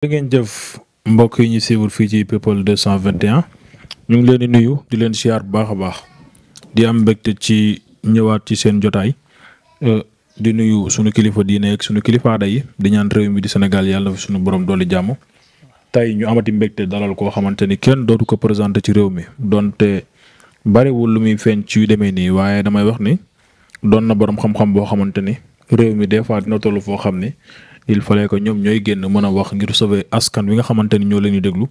ngeen jëf mbokk yi ñu siiwul fii ci people 221 ñu ngi leen di nuyu di leen siyaar bu baax a baax di am mbégte ci ñëwaat ci seen jotaay euh, di nuyu sunu kilifa diine ak sunu kilifa aada yi di ñaan réew mi di Sénégal yàlla fi sunu borom doole jàmm. tey ñu amati mbégte dalal koo xamante ni kenn dootu ko présenté ci réew mi donte bariwul lu muy feeñ ci demee nii waaye damay wax ni doon na boroom xam-xam boo xamante ni réew mi des fois dina toll foo xam ni. il fallait que ñoom ñooy génn mën a wax ngir sauver askan wi nga xamante ni ñoo leen di déglu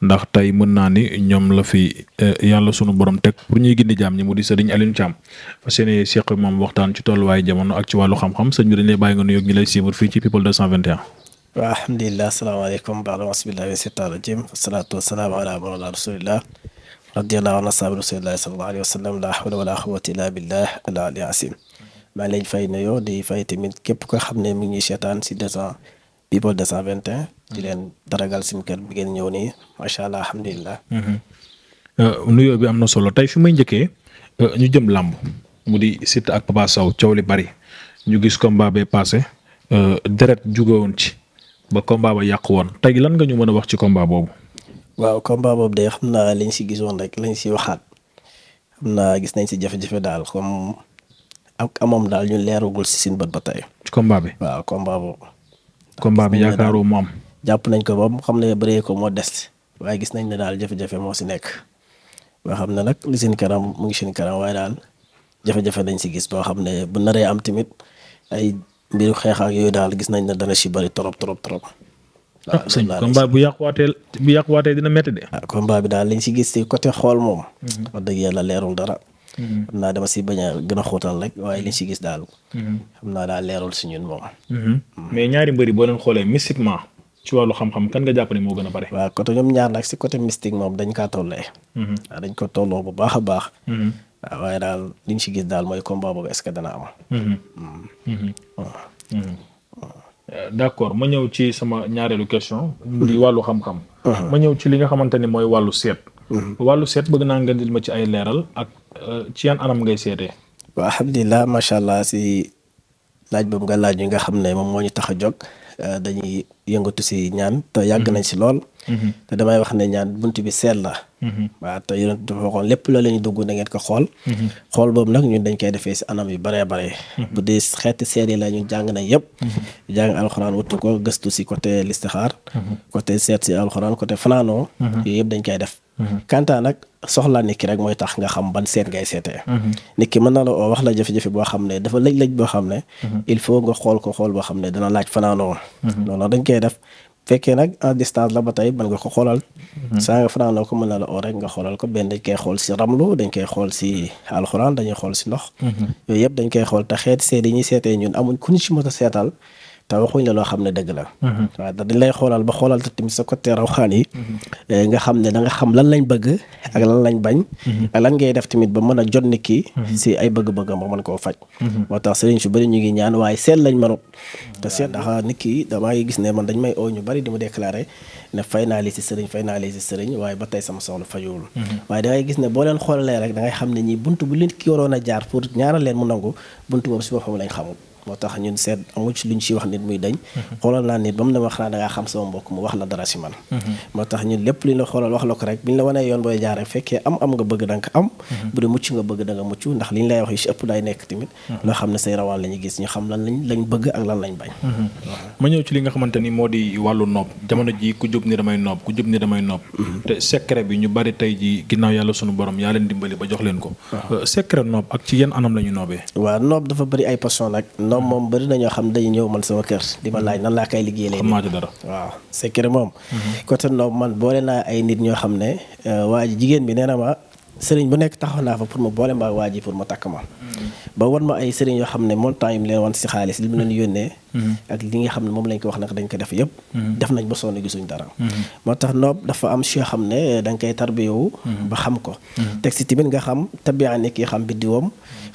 ndax tey mën naa ni ñoom la fi eh, yàlla sunu borom teg pour ñuy gindi jaam ñi mu di sëriñ Alioune Thiam fas yéene seq moom waxtaan ci tolluwaayu jamono ak ci wàllu xam-xam sëñ bi dañ lay bàyyi nga nuyoog ñi lay siiwal fii ci people 221. waaw alhamdulilah asalaamaaleykum baal ma bismillahi wa seetaan rajim wasalaatu wasalaamu ala mawlana rasulillah an asaabi rasulillahi sallallahu alayhi wa sallam la hawla wala quwwata illa maa ngi fay na yow di fay tamit képp ko xam ne mi ngi seetaan si 200 people 221. di mm-hmm. leen daragal suñu kër bi ngeen ñëw nii macha allah alhamdulilah. Mm-hmm. Euh, nuyoo bi am na solo tey fi may njëkkee euh, ñu jëm làmb mu di Siteu ak Papa Sow coow li bari ñu gis combat bee paase euh, deret juge woon ci ba combat ba yàq woon tey lan nga ñu mën a wax ci combat boobu. waaw combat boobu de xam naa liñ si gisoon rek lañ si waxaat xam naa gis nañ si jafe-jafe daal comme. ak amam daal ñu leeragul si sin bët ba tey. ci combat bi waaw combat boobu. combat bi yaakaaroo mu am. jàpp nañ ko ba mu xam ne bëree ko moo des waaye gis nañ ne daal jafe moo si nekk boo xam ne nag li seen kanam mu ngi seen kanam waaye daal jafe-jafe lañ si gis boo xam ne bu naree am tamit ay mbiru xeex ak yooyu daal gis nañ ne dana si bëri trop trop trop. ah sëñ combat bu yàquwaatee bu yàquwaatee dina métti de. ah combat bi daal lañ si gis si côté xool moom. Mhm. wax dëgg yàlla leerul dara. Mm-hmm. xam naa dama si bañ a gën a xóotal rek waaye mm-hmm. liñ si gis daal. Mm-hmm. xam naa daal leerul si ñun moom. mais ñaari mbëri boo leen xoolee mystiquement ci wàllu xam-xam kan nga jàpp ne moo gën a bare. waaw côté ñoom ñaar nag si côté a baax. waaw waaye daal liñ si gis daal mooy combat boobu est-ce dana am. Euh, d'accord ma ñëw ci sama ñaareelu question. di wàllu xam-xam. ma ñëw ci li nga xamante ne mooy wàllu seet. wàllu seet bëgg naa nga dil ma ci ay leeral ak. Euh, ci yan anam ngay seetee. waaw alhamdulilah macha allah si laaj boobu nga laaj yi nga xam ne moom moo ñu tax a jóg euh, dañuy yëngatu si ñaan te yàgg mhm. nañ si lool. Mm-hmm. te damay wax ne ñaan bunt bi seet la mm-hmm. waaw te yonent dafa waxoon lépp loo leen dugg na ngeen ko xool mm-hmm. xool boobu nag ñun dañ koy defee si anam yu baree bare bu dee xeeti seet yi la ñun jàng nañ yëpp jàng alxuraan wutu ko gëstu si côté listixaar côté seet si alxuraan côté fanaanoo yooyu yëpp dañ koy def kanta nag soxlaa nit ki rek mooy tax nga xam ban seet ngay seetee nit ki mën na la oo la jafe-jafe boo xam ne dana laaj fanaanoo loolu dañ koy def fekkee nag en distance la ba tey mën nga ko xoolal. Mhm. saa nga fanaan la ko mën na la oo nga xoolal ko benn dañ koy xool si ramlu dañ koy xool si alxuraan dañuy xool si ndox. Mhm. yooyu yëpp dañ koy xool te xeet seet yi ñuy ñun amuñ ku ñu si mën a seetal. te waxuñ la loo xam ne dëgg la. Mhm. waaw dañ lay xoolal ba xoolal te tamit sa côté rawxaan yi. Mhm. Eh, nga xam ne da nga xam lan lañ bëgg ak lan lañ bañ. Mhm. ak lan ngay def tamit ba mën a jot ni kii. si ay bëgg-bëggam ba mën koo faj. moo tax sëriñ su bëri ñu ngi ñaan waaye seet lañ mënut. te seet ndax nit ki damay gis ne man dañ may oo ñu bëri di mu déclaré ne fay naa lii si sëriñ fay naa lii si sëriñ waaye ba tey sama soxla fajuwul. waaye da ngay gis ne boo leen xoolalee rek da ngay xam ne ñii buntu bu leen ki waroon a jaar pour ñaara leen mu nangu buntu moom si boppam lañ xamul moo tax ñun seet amu ci lu ñu ci wax nit muy dañ mhm. xoolal naa nit ba mu ne ma xanaa dangaa xam sama mbokk mu wax la dara si man mhm. moo tax ñun lépp li la xoolal wax la ko rek bi ñu la wanee yoon booy jaare fekkee da nga am mhm. bu dee mucc nga bëgg da nga mucc ñu xam ne say rawaan la ñu gis ñu xam lan lañ bëgg ak lan lañ bañ ma ñëw ci li nga xamante ni moo di wàllu noob jamono ji ku jub ni damay noob ku jub ni damay noob te secret bi ñu bari tey ji ginnaaw yàlla sunu borom yaa leen dimbali ba jox leen ko euh, secret noob ak ci la ñu noobee waaw noob dafa ñoom moom bëri na ñoo xam dañu ñëw man sama kër di ma mm-hmm. laaj nan laa koy liggéey léegi waaw secret moom mm-hmm. côté noom man boole naa ay nit ñoo xam ne euh, waaj jigéen bi nee na ma sëriñ bu nekk taxaw naa fa pour ma boole mbaa waa ji pour ma takk ma mm-hmm. ba wan ma ay sëriñ yoo xam ne montant yi mu leen wan si xaalis li mu leen yónnee ak li nga xam ne moom lañ ko wax nag dañ ko def yëpp mm-hmm. def nañ ba sonn gisuñ dara mm-hmm. moo tax noob dafa am si yoo xam ne da nga koy tarbiyowu mm-hmm. ba xam ko teg si tamit nga xam tabiaa ni kii xam biddiwam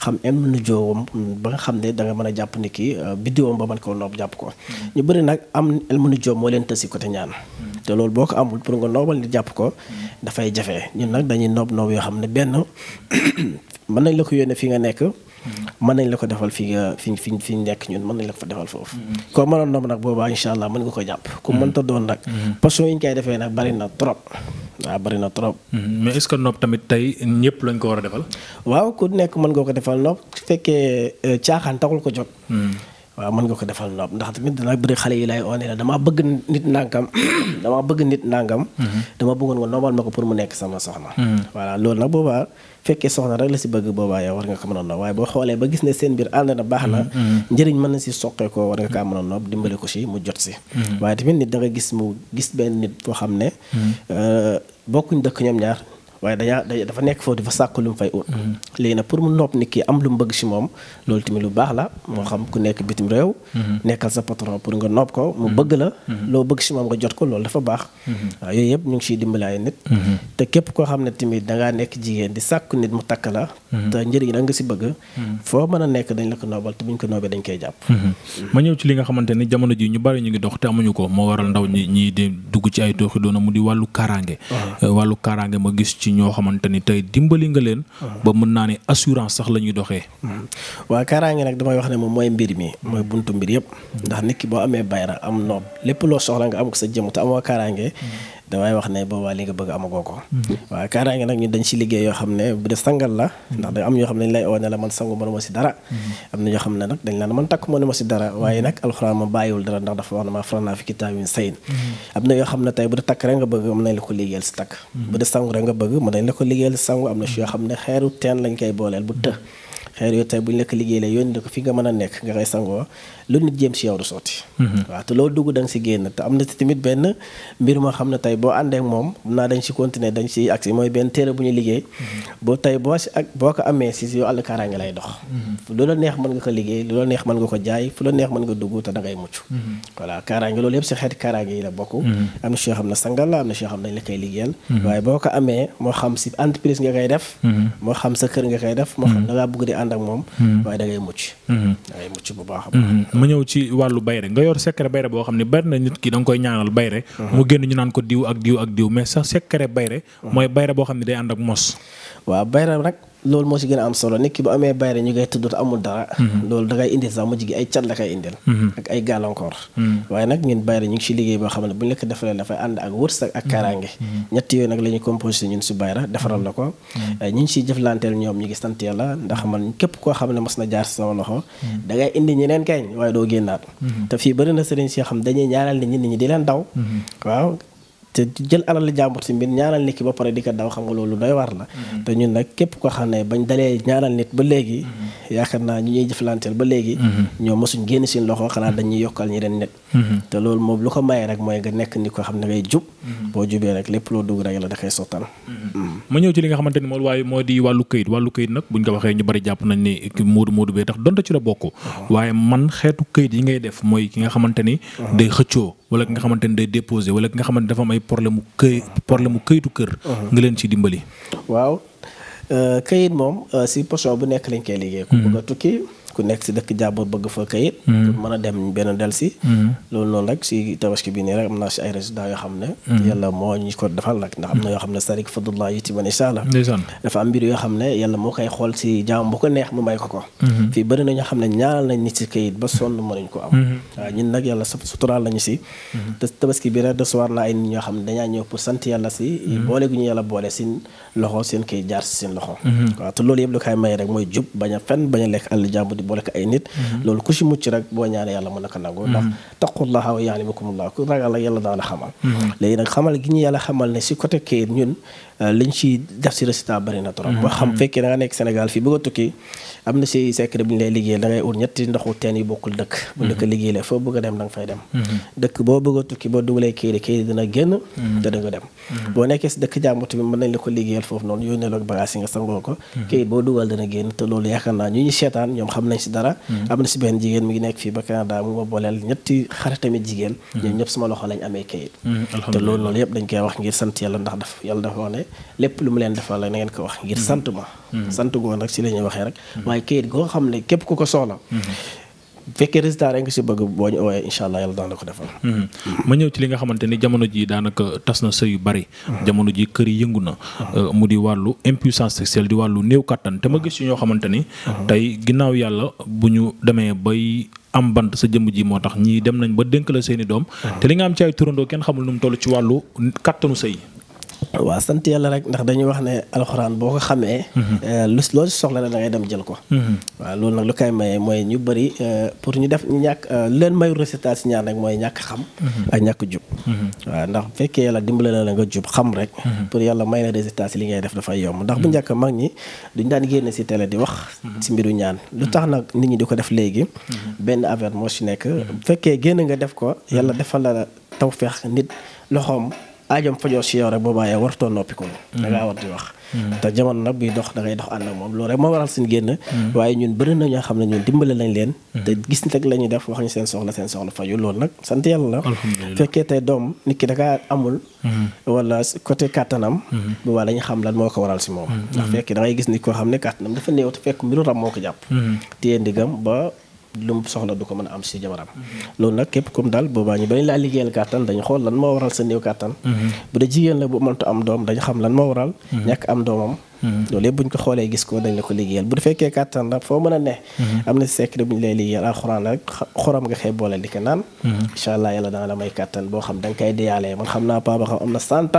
xam em nu joowam ba nga xam ne da nga mën a jàpp ni kii euh, biddiwam ba mën koo noob jàpp ko ñu bëri nag am elmu nu joom moo leen tësi côté ñaan te loolu boo ko amul pour nga noobal ni jàpp ko dafay jafe ñun nag dañuy noob noob yoo xam ne benn mën nañ la ko yónnee fi nga nekk mën nañ la ko defal fi nga fi fi fi ñu nekk ñun mën nañ la ko fa defal foofu mm-hmm. ko mënoon doom nag boobaa incha allah mën nga ko jàpp ku mm-hmm. mënta doon nag mm-hmm. passion yi ñu defee nag bari na trop waaw bari na trop mais est-ce nopp tamit tey ñëpp lañ ko war a defal waaw ku nekk mën nga ko defal nopp fekkee euh, caaxaan taxul ko jóg waaw mën nga ko defal noob ndax tamit danaa bëri xale yi lay oone la damaa bëgg nit nangam damaa bëgg nit nangam. Mhm. dama bëggoon nga noobal ma ko pour mu nekk sama soxna. Mhm. voilà loolu nag boobaa fekkee soxna rek la si bëgg boobaa yow war nga ko mën a noob waaye boo xoolee ba gis ne seen biir ànd na baax na. Mhm, njariñ mën na si soqee ko war nga kaa mën a noob dimbale ko si mu jot si. waaye tamit nit da nga gis mu gis benn nit boo xam ne. Euh, bokkuñ dëkk ñoom ñaar. waaye dañaa da dafa nekk foofu dafa sàkk lu mu fay ut mm-hmm. léegi nag pour mu nopp nit ki am lu mu bëgg si moom loolu tamit lu baax la xam ku nekk bitim réew mm-hmm. nekkal sa patron pour nga nopp ko mu bëgg la mm-hmm. loo bëgg si moom nga jot ko loolu dafa baax yëpp ñu ngi siy dimbali ay te képp koo xam ne tamit dangaa nekk jigéen di sàkku nit mu takk la te njëriñ da nga si bëgg foo mën a nekk dañ la ko noobal te buñ ko noobee dañ koy jàpp ma ñëw ci li nga xamante ni jamono ji ñu bari ñu ngi dox te amuñu ko moo waral ndaw ñi ñi di dugg ci ay tooxi doona mu di wàllu kaaraange euh, wàllu kaaraange ma gis ci ñoo xamante ni tey dimbali nga leen. ba mën naa ne assurance sax la ñuy doxee. waaw kaaraange nag damay wax ne moom mooy mbir mi mooy buntu mbir yëpp hmm. ndax nit ki boo amee bayra am noob lépp loo soxla nga am ko sa jëm te amoo kaaraange. Hmm. damay wax ne boobaa li nga bëgg amagoo ko hmm. waaw kaaraange nag ñu dañ si liggéey yoo xam ne bu def sangal la hmm. ndax da am ñoo xam ne la man sangu mënu ma si hmm. na ñoo xam ne nag dañ naan man takk mënu ma si dara waaye nag alxuraan ma bàyyiwul dara ndax dafa wax ne maa faral naa fi kitaabin sayin am na yoo xam ne tey bu dee takk rek nga bëgg mën nañ la ko liggéeyal si takk bu dee sangu rek nga bëgg mën nañ la ko liggéeyal si sangu am na si yoo xam ne xeeru teen lañ koy booleel bu të xeer yooyu tey bu ñu lekk liggéey la yónni ko fi nga mën a nekk nga koy sangoo lu nit jéem si yow sotti. Mhm. waaw te loolu dugg da nga génn te am na si tamit benn mbir moo xam ne tey boo àndee ak moom naa dañ si continuer dañ si agsi mooy benn téere bu ñu liggéey. Mhm. boo tey boo si ak boo ko amee si mhm. la neex mën nga ko liggéey lu la neex mën nga ko jaay fu la neex la bokk. am na si yoo xam ne sangal la am na si yoo xam ne dañ la koy liggéeyal. waaye boo ko amee moo xam si entreprise nga koy def. moo xam sa kër nga koy def moo xam ànd ak moom. Hmm. waaye da ngay mucc. Hmm. da ngay mucc bu baax a baax. Hmm. ma ñëw ci wàllu bayre nga yor secret bayre boo xam ne bari na nit ki da nga koy ñaanal bayre mu génn ñu naan ko diw ak diw ak diw mais sax secret bayre mooy bayre boo xam ne day ànd ak mos. waaw bayre nag loolu moo ci gën a am solo nit ki bu amee bayre ñu koy tudd amul dara mhm. loolu da ngay indil sax mujj gi ay cat la koy indil mhm. ak ay gàllankoor mhm. waaye nag ñun bayre ñu ngi ci liggéey boo xam ne bu ñu la ko defalee dafay ànd ak wërsëg ak la ñu composé ñun ci la ko ñu ngi ciy jëflanteel ñoom ñu ngi sant yàlla ndax man képp koo xam ne mas na jaar ci sama loxo da ngay indi ñeneen kañ waaye doo génnaat te fii bëri na sëriñ si xam dañuy ñaanal nit ñi di leen daw waaw te jël alal jàmbur si mbir ñaanal nit ki ba pare di ko daw xam nga loolu doy war la mhm. te ñun nag képp koo xam ne bañ dalee ñaanal nit ba léegi mhm. yaakaar naa ñu ñuy jëflanteel ba léegi mhm. ñoom mosuñ génn seen loxo xanaa dañuy yokkal ñi nit te loolu moom lu ko maye rek mooy nga nekk nit koo xam ne ngay jub boo jubee rek lépp loo dugg rek yàlla da koy sottal ma ñëw ci li nga xamante moom waaye moo di wàllu këyit wàllu këyit nag buñ ko waxee ñu bari jàpp nañ ni moodu yi ngay def mooy ki nga xamante ni day xëccoo wala ki nga xamante ne day déposé wala ki nga xamante ne dafa am ay problème mu këy problème mu kër. Uh-huh. nga leen ci dimbali. waaw euh, këyit moom euh, si poso bu nekk lañ koy liggéey. ku mm-hmm. bëgg a tukki. ku nekk si dëkk jàmbur bëgg fa kayit mm-hmm. pour mën a dem benn del si mm-hmm. loolu noonu rek si tabaski bi nii rek am naa si ay résultats yoo xam ne mm-hmm. yàlla moo ñu ko defal nag ndax am na yoo xam ne sarik fadullah yi ci man incha allah dafa am mbir yoo xam ne yàlla moo koy xool si jaam bu ko neex mu may ko ko fii bëri ñoo xam ne ñaanal nañ nit si kayit ba sonn mënuñ ko am waaw ñun nag yàlla suturaal nañu si te tabaski bi rek desuwaar naa ay nit ñoo xam ne dañaa ñëw pour sant yàlla si boole gu ñu yàlla boole seen loxo seen kayit jaar si seen loxo waaw a a boole ko ay nit mhm. loolu ku si mucc rek boo ñaane yàlla mën na ko nangu ndax mhm. taqullaha wa yaalimakumullah ku ragal la yàlla a xamal mhm. léegi nag xamal gi ñu yàlla xamal ne si côté kayit ñun euh, def si résultat bari na trop boo xam fekkee da nga nekk Sénégal fii bëgg a tukki am na si secret bi ñu lay liggéeyal da ngay ut ñetti ndoxu teen yu bokkul dëkk bu ndëkk liggéey la foo a da nga fay dem dëkk boo bëgg a tukki boo dugalee kayit kayit dina da nga dem boo nekkee si dëkk jàmbur bi mën nañ la ko liggéeyal foofu noonu yónnee la bagage yi nga sangoo ko kayit boo dugal dina génn te loolu nañ si dara mm-hmm. am na si benn jigéen mi ngi nekk fii ba Canada mu ma booleel ñetti xaritamit jigéen mm-hmm. ñoom ñëpp sama loxo lañ amee kayit mm-hmm. te loolu loolu yëpp dañ koy wax ngir sant yàlla ndax daf yàlla dafa wax ne lépp lu mu leen defal la na ngeen ko wax ngir sant ma sant goon rek si la waxee rek waaye kayit goo xam ne képp ku ko soxla fekkee résultat rek nga si bëgg boo ñu ooyee incha allah yàlla daan ko defal. Mhm. ma ñëw ci li nga xamante ni jamono ji daanaka tas na sëy yu bari. Mhm. jamono ji kër yëngu na. Mhm. Euh, mu di wàllu impuissance sexuelle di wàllu néew kàttan te ma gis ci ñoo xamante ni. tey ginnaaw yàlla bu ñu demee bay. am bant sa jëmm ji moo tax ñii dem nañ ba dénk la seeni doom te li nga am ci ay turandoo kenn xamul nu mu toll ci wàllu kattanu sëy waaw sant yàlla rek ndax dañuy wax ne alxuraan boo ko xamee. Mhm. Euh, lu loo soxla la da ngay dem jël ko. Mhm. waaw loolu nag lu koy maye mooy ñu bëri euh, pour ñu def ñàkk euh, leen mayu résultat si ñaar rek mooy ñàkk xam. Mhm. ak ñàkk jub. waaw ndax bu fekkee yàlla dimbale na la nga jub xam rek. pour yàlla may la résultat li ngay def dafay yomb ndax bu njëkk mag ñi duñ daan génn si télé di wax. si mbiru ñaan lu tax nag nit ñi di ko def léegi. benn affaire moo si nekk bu fekkee génn nga def ko yàlla defal la tawfeex nit loxoom. aajam fajoo si yow rek boo wartoo noppi ko mm-hmm. da ngaa war di wax mm-hmm. te jamono nag buy dox da ngay dox ànd ak moom loolu rek moo waral seen génn mm-hmm. waaye ñun bëri na ñoo xam ne ñun dimbale lañ leen te gis ni rek la ñuy def wax ñu seen soxla seen soxla faju loolu nag sant yàlla la fekkee tey doom nit ki da kaa amul wala côté kàttanam bu baa lañu xam la moo ko waral si moom ndax fekk da ngay gis nit koo xam ne kàttanam dafa néew te fekk mbiru rab moo ko jàpp téye lu mu soxla du ko mën a am si jabaram loolu nag képp comme daal boobaa ñu bañ laa liggéeyal kàttan dañu xool lan moo waral sa néew kàttan mm-hmm. bu dee jigéen la bu mënta am doom dañu xam lan moo waral mm-hmm. ñàkk am doomam mm-hmm. loolu yëpp buñ ko xoolee gis ko dañ la ko liggéeyal bu fekkee kàttan la foo mën a ne am na secret bu ñu lay liggéeyal alxuraan rek xorom nga xëy boole di ko naan incha allah yàlla dana may kàttan boo xam da nga koy deyaalee man xam naa paa ba xam am na cent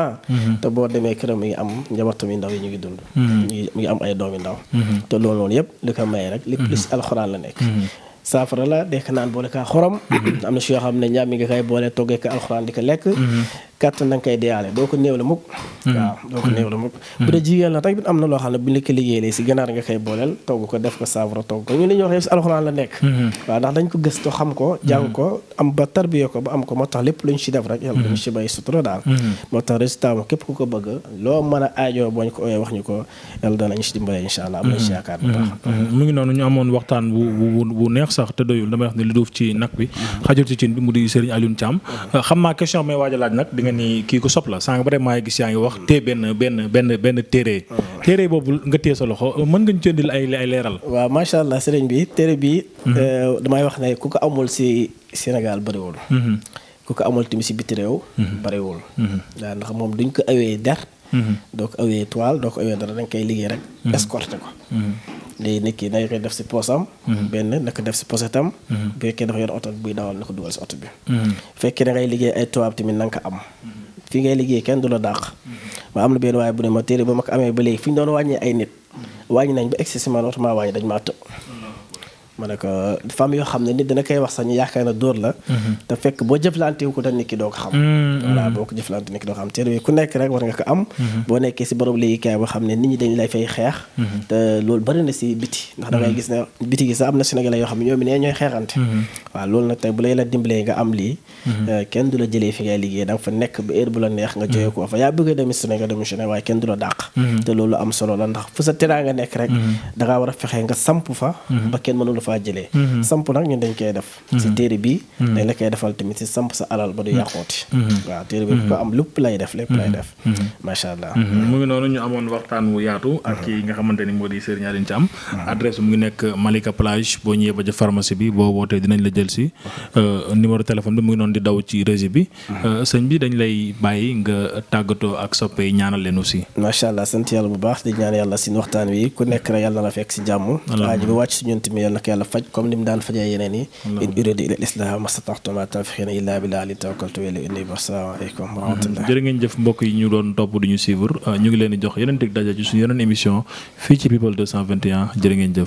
te boo demee këram mi ngi am njabootam yu ndaw yi ñu ngi dund mu ngi am ay doomi ndaw te loolu noonu li ko may rek li saafara la dee ko naan boole ka xorom mm-hmm. am na si yoo xam ne ñaam mi nga koy boole toggee alxuraan di ko lekk mm-hmm. kàttan na nga koy deyaale doo ko néew la mukk hmm. waaw doo ko hmm. néew la mukk hmm. bu dee jigéen la tamit am na loo xam ne bu ñu ko liggéeyee si ganaar nga koy booleel togg ko def ko saafara togg ko ñu la nekk waaw ndax dañ ko gëstu xam ko jàng ko am ba tarbiye ko ba am ko moo tax lépp lu ñu si def rek yàlla dañu si bay sutura daal moo tax résultat ko a ñu ko ñu amoon waxtaan bu neex sax te doyul damay wax ne li duuf ci nag bi xajul ci cin bi mu di Serigne Alioune Thiam xam naa question may waaj a laaj nag nga ni kii ku sopp la sànq vraiment gis yaa ngi wax te benn benn benn benn téere. Ah. téere boobu nga téye sa loxo mën nga ñu ay leeral. waaw macha allah sëriñ bi téere bi. Mhm. Euh, damay wax ne ku ko amul si Sénégal bëriwul. Mhm. ku ko amul tamit si biti réew. Mhm. bëriwul. ndax moom duñ ko awee der. Mm-hmm. doo ko awee toile doo ko awee dara da nga koy liggéey rek. Mm-hmm. escorter ko. Mm-hmm. léegi nit ki da koy def si poosam. benn na def si posetam. fekkee dafa yor oto buy dawal na dugal si oto bi. fekkee da liggéey ay tubaab tamit na am. fii ngay liggéey kenn du la dàq. ma am na benn waaye bu ne ma téere ba ma ko amee ba léegi fi ñu doon wàññee ay nit. wàññi nañ ba excessivement autrement wàññi dañ maa të. ma ne ko dafa am yoo xam ne nit dina koy wax sax ñu yaakaar na dóor la. Mhm. te fekk boo jëflanteewu ko dañ nit ki doo ko xam. Mm, voilà mm. boo ko jëflante nit ko xam te mhm. nit ñi dañ lay fay xeex. Mhm. te loolu bari na si biti. ndax da gis ne biti gi sax am na Sénégalais yoo xam ne ñoom nee ñooy xeexante. waaw loolu nag tey bu lay la dimbalee nga am lii. Euh, kenn du la jëlee fi ngay liggéey da nga fa nekk ba heure bu la neex nga jógee ko fa yaa bëgg a dem Sénégal dem Sénégal waaye kenn a faa jëlee mm-hmm. samp nag ñun dañ koy def si mm-hmm. téere bi mm-hmm. dañ la koy defal tamit si samp sa alal ba du yàqooti waaw téere bi ko am lépp lay def lépp allah mu la jël si euh, numéro téléphone bi mu ngi noonu di daw ci régie bi euh, sëñ bi dañ lay bu baax di ñaan yàlla si waxtaan wi ku nekk yàlla na fekk si jàmm aaji bi wàcc si ñun tamit yàlla yàlla faj comme ni daan fajee yeneen yi in uridu ila islam mastata'tu ma tawfiqina illa billahi alayhi tawakkaltu wa ilayhi unib assalaamu aleykum wa mm-hmm. rahmatullah jërë ngeen mbokk yi ñu doon topp du ñu suivre euh, ñu ngi leen di jox yeneen dig daje ci suñu yeneen émission fii ci people 221 jërë ngeen jëf